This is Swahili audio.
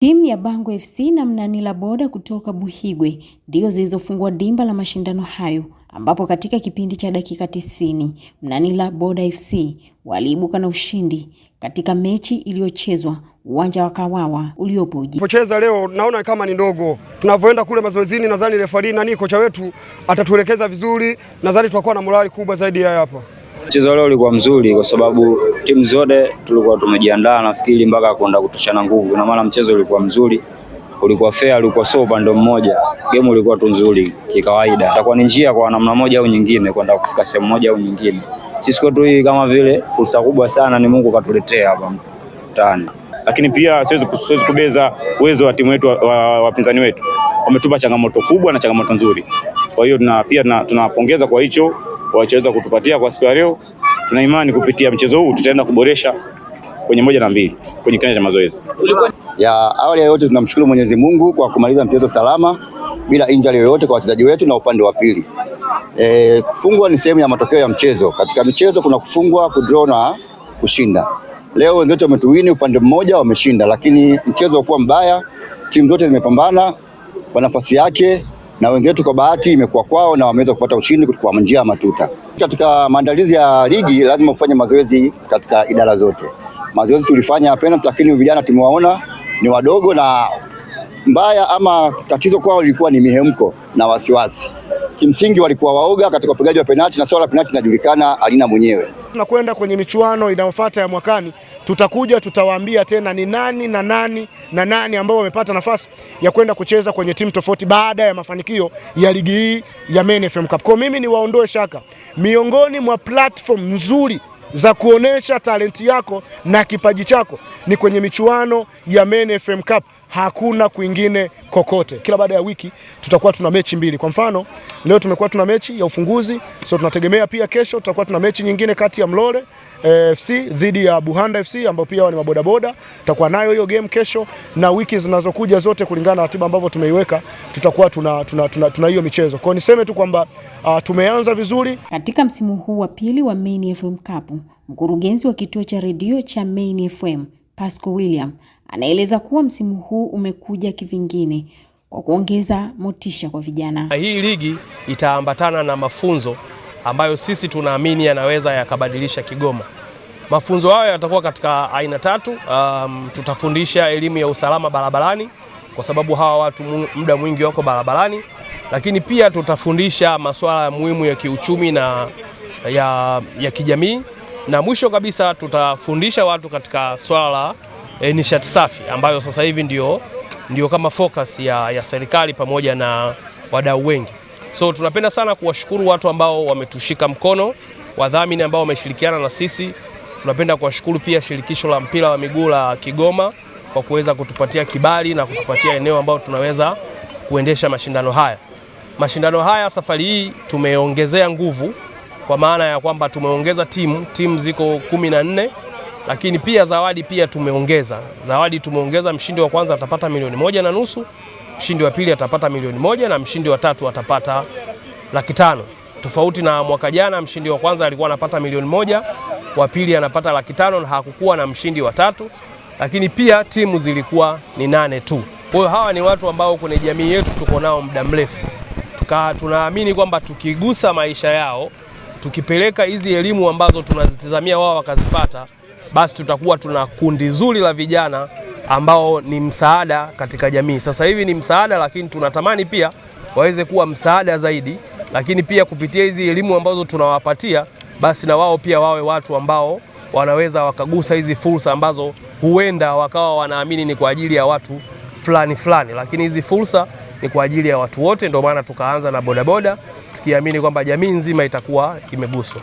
Timu ya Bango FC na Mnanila Boda kutoka Buhigwe ndiyo zilizofungua dimba la mashindano hayo ambapo katika kipindi cha dakika 90 Mnanila Boda FC waliibuka na ushindi katika mechi iliyochezwa uwanja wa Kawawa uliopo Ujiji. Pocheza leo naona kama ni ndogo, tunavyoenda kule mazoezini, nadhani refari na kocha wetu atatuelekeza vizuri, nadhani tutakuwa na morali kubwa zaidi ya hapa. Mchezo leo ulikuwa mzuri kwa sababu timu zote tulikuwa tumejiandaa, nafikiri mpaka kwenda kutoshana nguvu, na maana mchezo ulikuwa mzuri, ulikuwa fair, ulikuwa sio upande mmoja. Game ulikuwa tu nzuri kikawaida, itakuwa ni njia kwa namna moja au nyingine kwenda kufika sehemu moja au nyingine. Sisi kwetu hii kama vile fursa kubwa sana ni Mungu katuletea hapa mtaani, lakini pia siwezi kubeza uwezo wa timu yetu, wapinzani wa, wa wetu wametupa changamoto kubwa na changamoto nzuri. Kwa hiyo pia tunapongeza kwa hicho walichoweza kutupatia kwa siku ya leo. Tuna imani kupitia mchezo huu tutaenda kuboresha kwenye moja na mbili kwenye kiwanja cha mazoezi. Ya awali ya yote, tunamshukuru Mwenyezi Mungu kwa kumaliza mchezo salama bila injali yoyote kwa wachezaji wetu na upande wa pili. E, kufungwa ni sehemu ya matokeo ya mchezo. Katika michezo kuna kufungwa, kudraw na kushinda. Leo wenzetu wametuwini upande mmoja, wameshinda, lakini mchezo ukuwa mbaya, timu zote zimepambana kwa nafasi yake na wenzetu kwa bahati imekuwa kwao na wameweza kupata ushindi kwa njia ya matuta. Katika maandalizi ya ligi lazima kufanya mazoezi katika idara zote. Mazoezi tulifanya hapana, lakini vijana tumewaona ni wadogo, na mbaya ama tatizo kwao lilikuwa ni mihemko na wasiwasi. Kimsingi walikuwa waoga katika upigaji wa penalti, na swala la penalti linajulikana alina mwenyewe Tunakwenda kwenye michuano inayofuata ya mwakani, tutakuja tutawaambia tena ni nani na nani na nani ambao wamepata nafasi ya kwenda kucheza kwenye timu tofauti baada ya mafanikio ya ligi hii ya Main FM Cup. Kwa mimi ni waondoe shaka, miongoni mwa platform nzuri za kuonesha talenti yako na kipaji chako ni kwenye michuano ya Main FM Cup hakuna kwingine kokote. Kila baada ya wiki tutakuwa tuna mechi mbili. Kwa mfano leo tumekuwa tuna mechi ya ufunguzi, so tunategemea pia kesho tutakuwa tuna mechi nyingine kati ya Mlole eh, FC dhidi ya Buhanda FC ambao pia ni mabodaboda. Tutakuwa nayo hiyo game kesho, na wiki zinazokuja zote kulingana na ratiba ambavyo tumeiweka tutakuwa tuna, tuna, tuna, tuna hiyo michezo. Kwa hiyo niseme tu kwamba uh, tumeanza vizuri katika msimu huu wa pili wa Main FM Cup. Mkurugenzi wa kituo cha redio cha Main FM Pasco William anaeleza kuwa msimu huu umekuja kivingine kwa kuongeza motisha kwa vijana. Hii ligi itaambatana na mafunzo ambayo sisi tunaamini yanaweza yakabadilisha Kigoma. Mafunzo hayo yatakuwa katika aina tatu. Um, tutafundisha elimu ya usalama barabarani kwa sababu hawa watu muda mwingi wako barabarani, lakini pia tutafundisha masuala muhimu ya kiuchumi na ya, ya kijamii, na mwisho kabisa tutafundisha watu katika swala la e, eh, nishati safi ambayo sasa hivi ndio, ndio kama focus ya, ya serikali pamoja na wadau wengi. So tunapenda sana kuwashukuru watu ambao wametushika mkono, wadhamini ambao wameshirikiana na sisi. Tunapenda kuwashukuru pia shirikisho la mpira wa miguu la Kigoma kwa kuweza kutupatia kibali na kutupatia eneo ambao tunaweza kuendesha mashindano haya. Mashindano haya safari hii tumeongezea nguvu kwa maana ya kwamba tumeongeza timu, timu ziko kumi na nne lakini pia zawadi pia tumeongeza zawadi, tumeongeza mshindi wa kwanza atapata milioni moja na nusu, mshindi wa pili atapata milioni moja na mshindi wa tatu atapata laki tano tofauti na mwaka jana. Mshindi wa kwanza alikuwa anapata milioni moja, wa pili anapata laki tano na hakukuwa na mshindi wa tatu, lakini pia timu zilikuwa ni nane tu. Kwa hiyo hawa ni watu ambao kwenye jamii yetu tuko nao muda mrefu, tunaamini kwamba tukigusa maisha yao, tukipeleka hizi elimu ambazo tunazitazamia wao wakazipata basi tutakuwa tuna kundi zuri la vijana ambao ni msaada katika jamii. Sasa hivi ni msaada, lakini tunatamani pia waweze kuwa msaada zaidi, lakini pia kupitia hizi elimu ambazo tunawapatia basi na wao pia wawe watu ambao wanaweza wakagusa hizi fursa ambazo huenda wakawa wanaamini ni kwa ajili ya watu fulani fulani, lakini hizi fursa ni kwa ajili ya watu wote. Ndio maana tukaanza na bodaboda tukiamini kwamba jamii nzima itakuwa imeguswa.